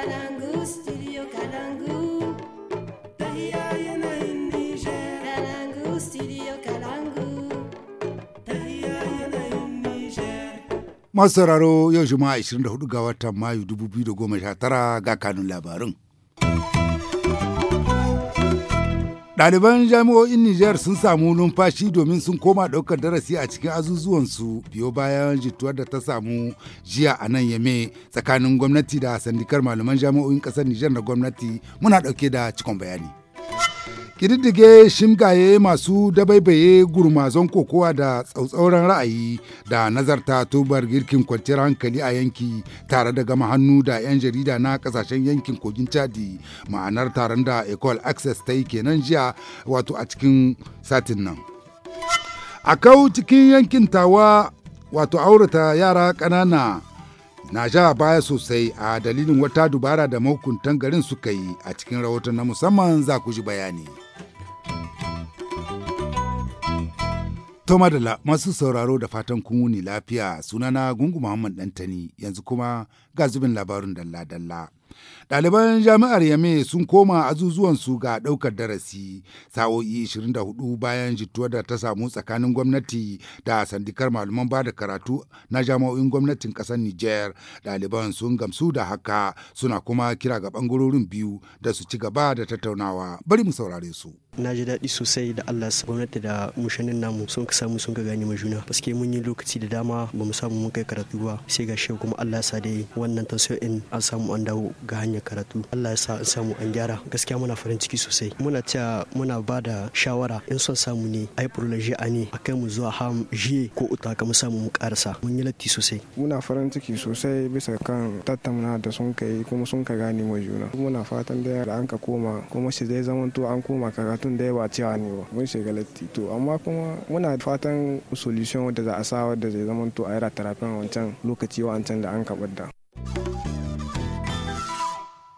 Kalangu, studio Kalangu. Tahiya Masu sauraro yau Juma'a 24 ga watan Mayu 2019 ga kanun labarin. Ɗaliban jami'o'in Nijar sun samu numfashi domin sun koma ɗaukar darasi a cikin azuzuwansu biyo bayan jituwar da ta samu jiya a nan yame tsakanin gwamnati da sandikar malaman jami'o'in ƙasar Nijar da gwamnati muna ɗauke da cikon bayani. ƙididdige shimgaye masu dabaibaye gurmazon kokowa da tsautsauran ra'ayi da nazarta tubar girkin kwanciyar hankali a yanki tare da gama hannu da 'yan jarida na kasashen yankin kogin chadi ma'anar taron da ecol access ta yi kenan jiya wato a cikin satin nan a kau cikin yankin tawa wato aurata yara ƙanana na ja baya sosai a dalilin wata dubara da mahukuntan garin suka yi a cikin rahoton na musamman za ku ji bayani. To madalla masu sauraro da fatan kun wuni lafiya na Gungu Muhammad Dantani yanzu kuma ga zubin labarin dalla-dalla. Ɗaliban jami'ar Yame sun koma azuzuwan su ga ɗaukar darasi sa'o'i 24 bayan jituwar da ta samu tsakanin gwamnati da sandikar malaman ba da karatu na jami'o'in gwamnatin ƙasar Nijar. Ɗaliban sun gamsu da haka suna kuma kira ga ɓangarorin biyu da su ci gaba da tattaunawa. Bari mu saurare su. na ji daɗi sosai da Allah su gwamnati da mushanin namu sun ka samu sun ka gane ma juna paske mun yi lokaci da dama ba mu samu mun kai karatu ba sai ga shi kuma Allah sa dai wannan in an samu an dawo ga hanyar karatu Allah ya sa an samu an gyara gaskiya muna farin ciki sosai muna cewa muna ba da shawara in son samu ne ai ani. a ne akai mu zuwa ham jiye ko uta ka mu samu mu karasa mun yi latti sosai muna farin ciki sosai bisa kan tattauna da sun kai kuma sun ka gane ma juna muna fatan da an ka koma kuma shi zai to an koma karatu mutum da ba cewa ne ba mun shiga latti to amma kuma muna fatan solution da za a sa wadda zai zama to a yara tarafin wancan lokaci wancan da an kaɓar da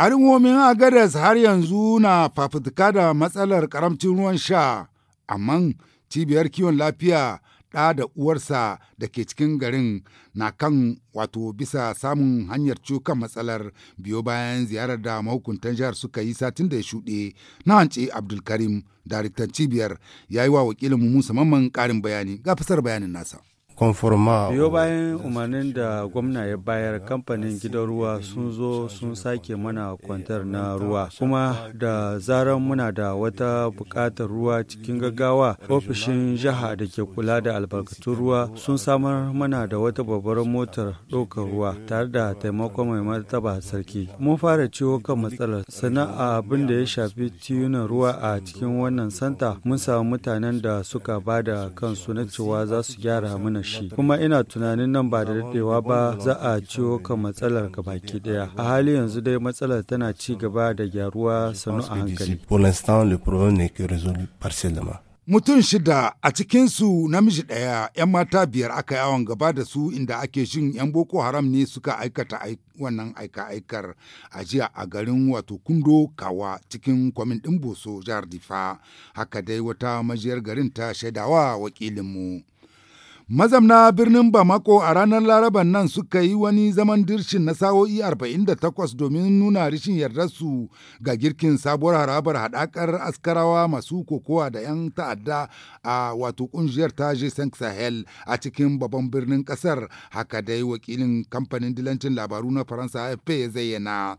Al'ummomin Agadas har yanzu na fafutuka da matsalar karamcin ruwan sha, amma cibiyar kiwon lafiya ɗa da uwarsa da ke cikin garin na kan wato bisa samun hanyar cukan matsalar biyo bayan ziyarar da mahukuntan jihar suka yi satin da ya shuɗe na hanci abdulkarim daraktan cibiyar ya yi wa wakilin musamman ƙarin bayani ga fasar bayanin nasa konforma biyo bayan umarnin da gwamna ya bayar kamfanin gidan ruwa sun zo sun sake mana kwantar na ruwa kuma da zarar muna da wata bukatar ruwa cikin gaggawa ofishin jiha da ke kula da albarkatun ruwa sun samar mana da wata babbar motar ɗaukar ruwa tare da taimakon mai martaba sarki mun fara ciwo kan matsalar sana'a abin da ya shafi tiyunan ruwa a cikin wannan santa mun samu mutanen da suka ba da kansu na cewa za su gyara mana shi kuma ina tunanin nan ba da daɗewa ba za a ciwo kan matsalar baki ɗaya a hali yanzu dai matsalar tana ci gaba da gyaruwa sannu a hankali mutum shida a cikinsu namiji ɗaya 'yan mata biyar aka yawon gaba da su inda ake shin 'yan boko haram ne suka aikata wannan aika-aikar a jiya a garin wato kundo kawa cikin kwamin ɗin boso jihar difa haka dai wata majiyar garin ta shaidawa wakilinmu. Mazamna birnin Bamako a ranar Laraban nan suka yi wani zaman dirshin na sa'o'i 48 domin nuna rishin yardarsu ga girkin sabuwar harabar hadakar askarawa masu kokowa da 'yan ta'adda a wato ƙungiyar ta g Sahel a cikin babban birnin kasar haka dai wakilin kamfanin dilancin labaru na Faransa AFP ya zayyana.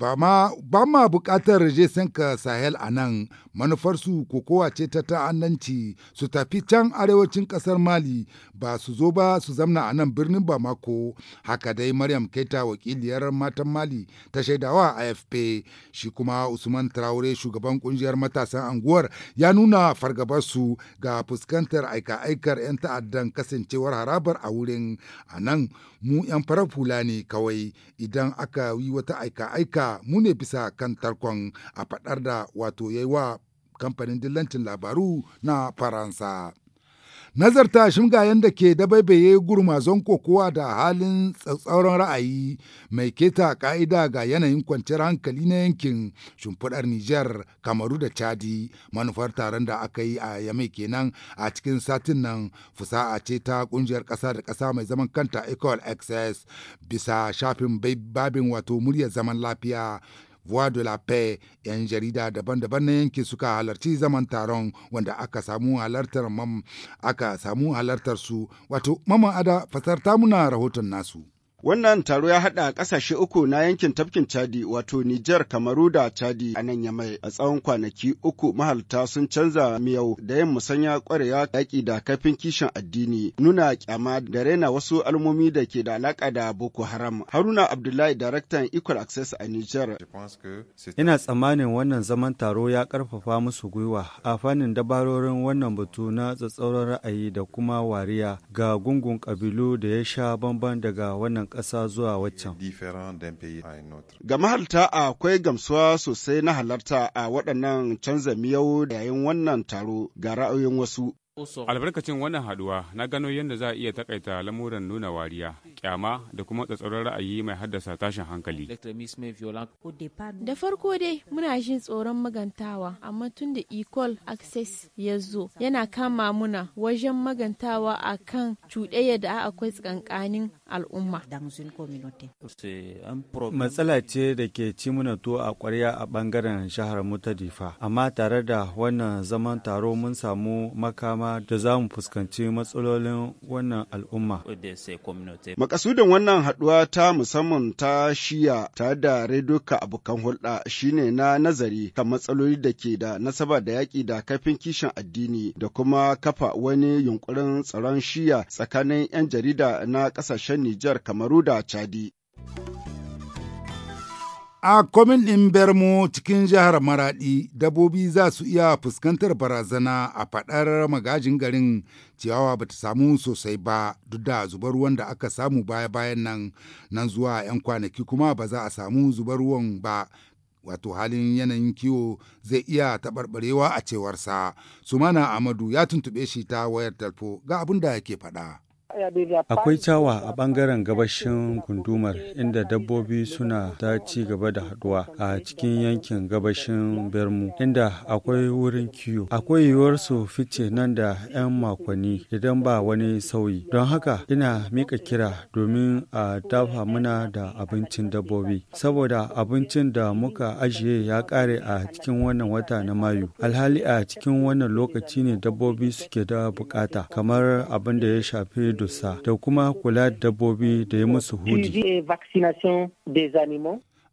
ba ma bukatar ma ka sahel a nan manufarsu kokowa ce ta ta'annanci su tafi can arewacin ƙasar mali ba su zo ba su zamna a nan birnin bamako haka dai maryam keta wakiliyar matan mali ta shaidawa afp shi kuma usman traore shugaban kungiyar matasan anguwar ya nuna fargabarsu ga fuskantar aika-aikar 'yan ta'addan kasancewar harabar a wurin a nan mu 'yan farar ne kawai idan aka yi wata aika-aika mu ne bisa kan tarkon a faɗar da wato yayi wa kamfanin dillancin labaru na faransa Nazarta ga da ke dabaibaye gurmazon kokowa da halin tsatsauran ra'ayi mai keta ka'ida ga yanayin kwanciyar hankali na yankin shimfiɗar Nijar, Kamaru da Chadi manufar taron da aka yi a Yamai kenan a cikin satin nan fusa'a ce ta ƙungiyar ƙasa da ƙasa mai zaman kanta Equal Access bisa shafin babin wato muryar zaman lafiya voix de la paix yan jarida daban-daban na yanki suka halarci zaman taron wanda aka samu halartar mam aka samu halartar su wato mama ada fasarta muna rahoton nasu Wannan taro ya haɗa ƙasashe uku na yankin tafkin Chadi wato Nijar, Kamaru da Chadi a nan ya Yamai. A tsawon kwanaki uku mahalta sun canza miyau da yin musanya ƙwarewa yaƙi da kafin kishin addini, nuna ƙyama da raina wasu almomi da ke da alaƙa da Boko Haram. Haruna Abdullahi, daraktan Equal Access a Nijar. Ina tsammanin wannan zaman taro ya ƙarfafa musu gwiwa a fannin dabarorin wannan batu na tsatsauran ra'ayi da kuma wariya ga gungun ƙabilu da ya sha bamban daga wannan ƙasa zuwa waccan. Ga mahalta akwai gamsuwa sosai na halarta a waɗannan canza miyau da yayin wannan taro ga ra'ayoyin wasu. albarkacin wannan haduwa na gano yadda za a iya takaita lamuran nuna wariya kyama da kuma tsatsauran ra'ayi mai haddasa tashin hankali da farko dai muna jin tsoron magantawa amma tun da equal access ya zo yana kama muna wajen magantawa a kan cuɗaya da akwai tsakankanin al'umma matsala ce da ke ci muna to a kwarya a bangaren shahar mutadifa amma tare da wannan zaman taro mun samu makama da za mu fuskanci matsalolin wannan al'umma. Makasudin wannan haɗuwa ta musamman ta shiya ta da redoka abokan hulɗa shine na nazari kan matsaloli da ke da nasaba da yaƙi da kafin kishin addini da kuma kafa wani yunkurin tsaron shiya tsakanin 'yan jarida na ƙasashen Nijar, Kamaru da Chadi. A kwamin ɗin Bermo cikin jihar Maraɗi, dabbobi za su iya fuskantar barazana a faɗar magajin garin ciyawa ta samu sosai ba duk da zubar ruwan da aka samu baya-bayan nan nan zuwa 'yan kwanaki kuma ba za a samu zubar ruwan ba wato halin yanayin kiwo zai iya taɓarɓarewa a cewarsa. Sumana Amadu ya tuntuɓe shi ta wayar talfo ga abin da yake faɗa. Akwai cawa a bangaren gabashin gundumar inda dabbobi suna ta ci gaba da haduwa a cikin yankin gabashin Bermu inda akwai wurin kiyo. Akwai yiwuwar su fice nan da 'yan makonni idan ba wani sauyi. Don haka ina mika kira domin a dafa muna da abincin dabbobi. Saboda abincin da muka ajiye ya kare a cikin wannan wata na Mayu. Alhali a cikin wannan lokaci ne dabbobi suke da bukata kamar abin da ya shafi dussa da kuma kula da dabbobi da ya musu hudi.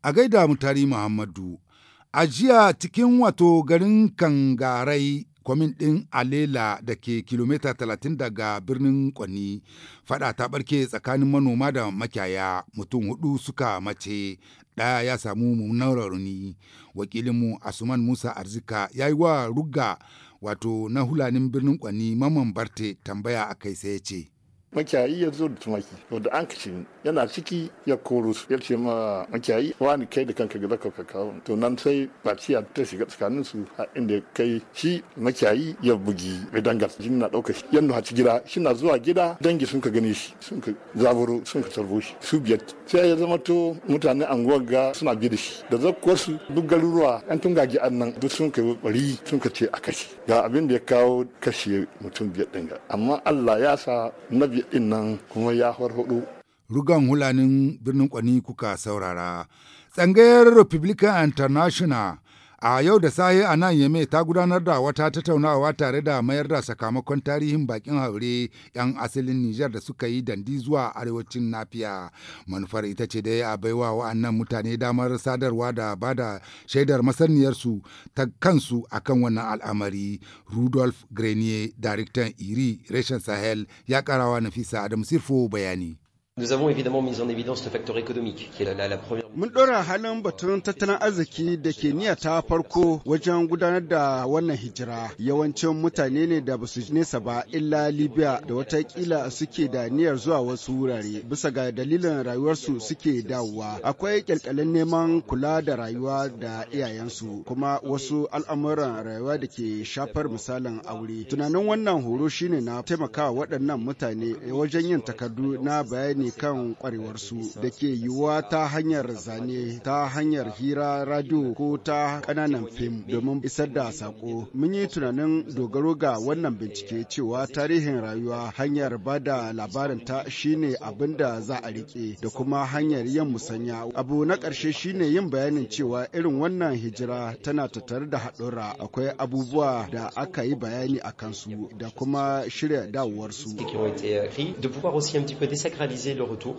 A gaida mutari Muhammadu, a jiya cikin wato garin Kangarai kwamin ɗin Alela da ke kilomita 30 daga birnin Kwani fada ta ɓarke tsakanin manoma da makyaya mutum hudu suka mace ɗaya ya samu mummunan rauni wakilinmu Asuman Musa Arzika ya yi wa ruga wato na hulanin birnin Kwani mamman Barte tambaya a kai sai ya ce. makiyayi ya zo da tumaki wanda an kashe ni yana ciki ya koro su ya ce ma makiyayi wani kai da kanka ga zaka kawo to nan sai baciya ta shiga tsakanin su a inda kai shi makiyayi ya bugi mai dangar jin na ɗauka shi yanda haci gida shi na zuwa gida dangi sun ka gane shi sun ka zaburo sun ka tarbo shi su biyar sai ya zama to mutane anguwar ga suna bi da shi da zakko su duk garuruwa an tun ji an nan duk sun ka bari sun ka ce a kashe ga abin da ya kawo kashe mutum biyar ɗin amma Allah ya sa nabi din nan kuma ya farfaɗo. Rugan hulanin birnin Kwani kuka saurara. Tsangayar Republican International A yau da sahi a nan yame ta gudanar da wata tattaunawa tare da mayar da sakamakon tarihin bakin haure 'yan asalin Nijar da suka yi dandi zuwa arewacin Nafiya. Manufar ita ce dai a baiwa wa'annan mutane damar sadarwa da ba da shaidar masaniyarsu ta kansu a kan wannan al'amari. Rudolf Grenier, daraktan Iri, reshen Sahel, ya karawa Nafisa Adam Sirfo bayani. Mun ɗora halin batun tattalin arziki da ke niyya ta farko wajen gudanar da wannan hijira. Yawancin mutane ne da basu nesa ba illa Libya da watakila suke da niyyar zuwa wasu wurare bisa ga dalilin rayuwarsu suke dawowa. Akwai kyalkyalin neman kula da rayuwa da iyayensu kuma wasu al'amuran rayuwa da ke shafar misalin aure. Tunanin wannan horo shine na taimakawa waɗannan mutane wajen yin takardu na bayani kan kwarewarsu da ke yiwuwa ta hanyar zane ta hanyar hira radio ko ta kananan fim domin isar da sako mun yi tunanin dogaro ga wannan bincike cewa tarihin rayuwa hanyar ba da labarin ta shine abin da za a rike da kuma hanyar yin musanya abu na karshe shine yin bayanin cewa irin wannan hijira tana tattare da haɗura akwai abubuwa da aka yi bayani a kansu da kuma shirya dawowarsu. de retour.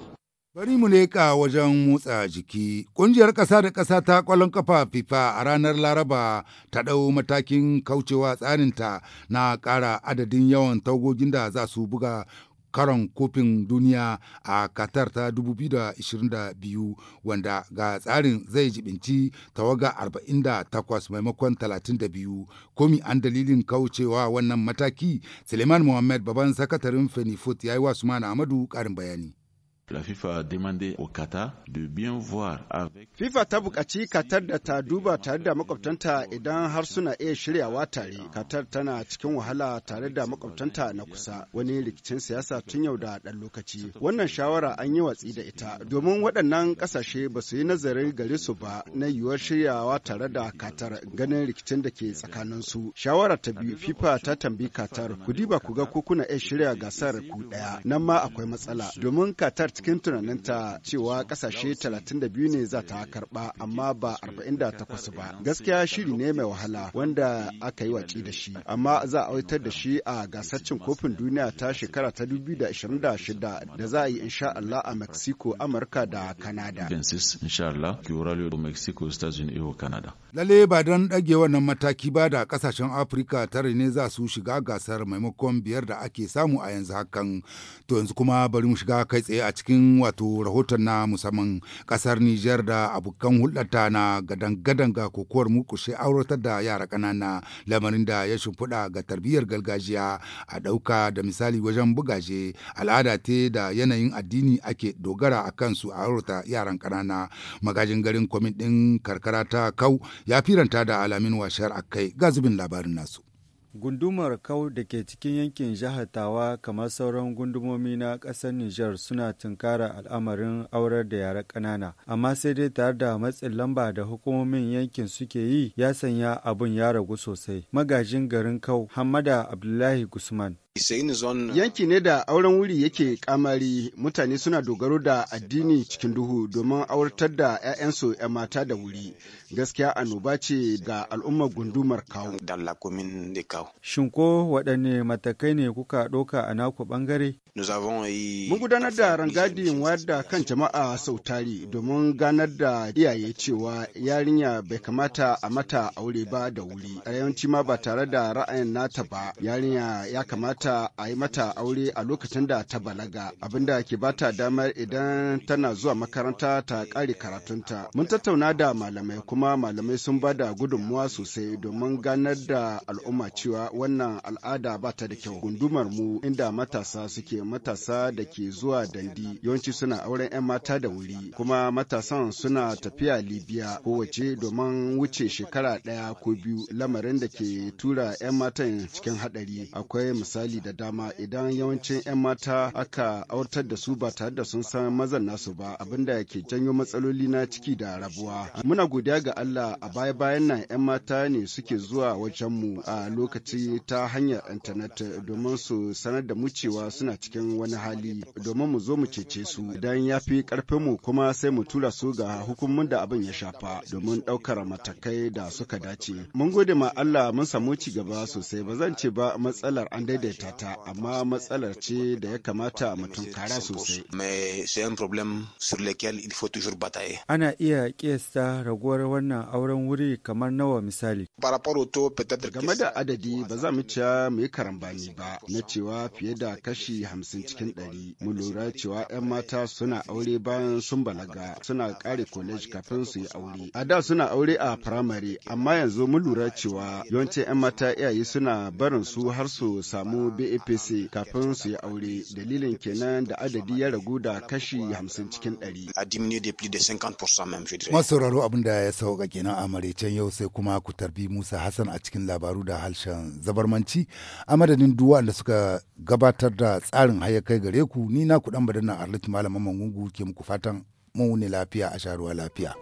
Bari mu leƙa wajen motsa jiki. Ƙungiyar ƙasa da ƙasa ta ƙwallon kafa FIFA a ranar Laraba ta ɗau matakin kaucewa tsarinta na ƙara adadin yawan tagogin da za su buga karon kofin duniya a Qatar ta 2022 wanda ga tsarin zai jibinci tawaga 48 maimakon 32 komi an dalilin kaucewa wannan mataki Suleiman Mohammed baban sakatarin Fenifoot ya yi wa ahmadu Amadu ƙarin bayani. La FIFA demandé au Qatar de bien voir avec FIFA ta buƙaci Qatar da ta duba tare da makwabtanta idan har suna iya shiryawa tare. Qatar tana cikin wahala tare da makwabtanta na kusa wani rikicin siyasa tun yau da ɗan lokaci. Wannan shawara an yi watsi da ita domin waɗannan ƙasashe ba su yi nazarin gare su ba na yiwuwar shiryawa tare da Qatar ganin rikicin da ke tsakanin su. Shawara ta biyu FIFA ta tambayi Qatar ku diba ku ga ko kuna iya shirya gasar ku ɗaya nan ma akwai matsala domin Qatar cikin tunaninta cewa kasashe 32 ne za ta karba amma ba 48 ba gaskiya shiri ne mai wahala wanda aka yi watsi da shi amma za a wutar da shi a gasar cin kofin duniya ta shekara ta 2026 da za a yi insha Allah a Mexico Amurka da Canada Lale ba don ɗage wannan mataki ba da kasashen Afirka tare ne za su shiga gasar maimakon biyar da ake samu a yanzu hakan to yanzu kuma bari mu shiga kai tsaye a cikin cikin wato rahoton na musamman kasar Nijar da abokan hulɗata na gadan-gadan ga kokowar murkushe auratar da yara ƙanana lamarin da ya shimfiɗa ga tarbiyyar gargajiya a ɗauka da misali wajen bugaje al'ada te da yanayin addini ake dogara a kansu a aurata yaran ƙanana magajin garin Kwamitin ɗin karkara ta kau ya firanta da alamin washar akai gazubin labarin nasu. Gundumar Kau da ke cikin yankin jihar kamar sauran gundumomi na ƙasar Nijar suna tunkara al'amarin aurar da yara ƙanana, amma sai dai tare da matsin lamba da hukumomin yankin suke yi ya sanya abun ya ragu sosai. Magajin garin Kau, Hamada Abdullahi Gusman, Yanki ne da auren wuri yake kamari mutane suna dogaro da addini cikin duhu domin auratar da 'ya'yansu 'yan mata da wuri. Gaskiya annoba ce ga al'ummar gundumar kawo. Shin ko waɗanne matakai ne kuka ɗoka a naku ɓangare? Mun gudanar da rangadin wayar da kan jama'a sau tari domin ganar da iyaye cewa yarinya bai kamata a mata aure ba da wuri. A yawanci ma ba tare da ra'ayin nata ba, yarinya ya kamata a yi mata aure a lokacin da ta balaga, abinda ke bata damar idan tana zuwa makaranta ta kare karatunta. Mun tattauna da malamai kuma malamai sun ba da gudunmuwa sosai domin ganar da al'umma cewa wannan al'ada ba ta da kyau. Gundumar mu inda matasa suke matasa da ke zuwa dandi yawanci suna auren 'yan mata da wuri kuma matasan suna tafiya libya kowace domin wuce shekara ɗaya ko biyu lamarin da ke tura 'yan matan cikin haɗari akwai misali da dama idan yawancin 'yan mata aka autar da su ba tare da sun san mazan nasu ba abinda ke janyo matsaloli na ciki da rabuwa muna godiya ga allah a baya bayan nan 'yan mata ne suke zuwa wajenmu a lokaci ta hanyar intanet domin su sanar da mu cewa suna cikin wani hali domin mu zo mu cece su idan ya fi mu kuma sai mu tura su ga hukumin da abin ya shafa domin ɗaukar matakai da suka dace. Mun gode ma Allah mun samu ci gaba sosai ba zan ce ba matsalar an daidaita ta amma matsalar ce da ya kamata mu tunkara sosai. Ana iya kiyasta raguwar wannan auren wuri kamar nawa misali. Game da adadi ba za mu ci mu yi karambani ba na cewa fiye da kashi hamsin cikin ɗari. Mu lura cewa 'yan mata suna aure bayan sun balaga suna kare college kafin su yi aure. A da suna aure a firamare amma yanzu mu lura cewa yawancin 'yan mata iyaye suna barin su har su samu BAPC kafin su yi aure. Dalilin kenan da adadi ya ragu da kashi hamsin cikin ɗari. Masauraro abin da ya sauka kenan a maraicen yau sai kuma ku tarbi Musa Hassan a cikin labaru da harshen zabarmanci a madadin duwa da suka gabatar da tsarin labarin har kai gare ku ni na kuɗan badan na Arlit Malaman Mangungu ke muku fatan mu ne lafiya a sharuwa lafiya.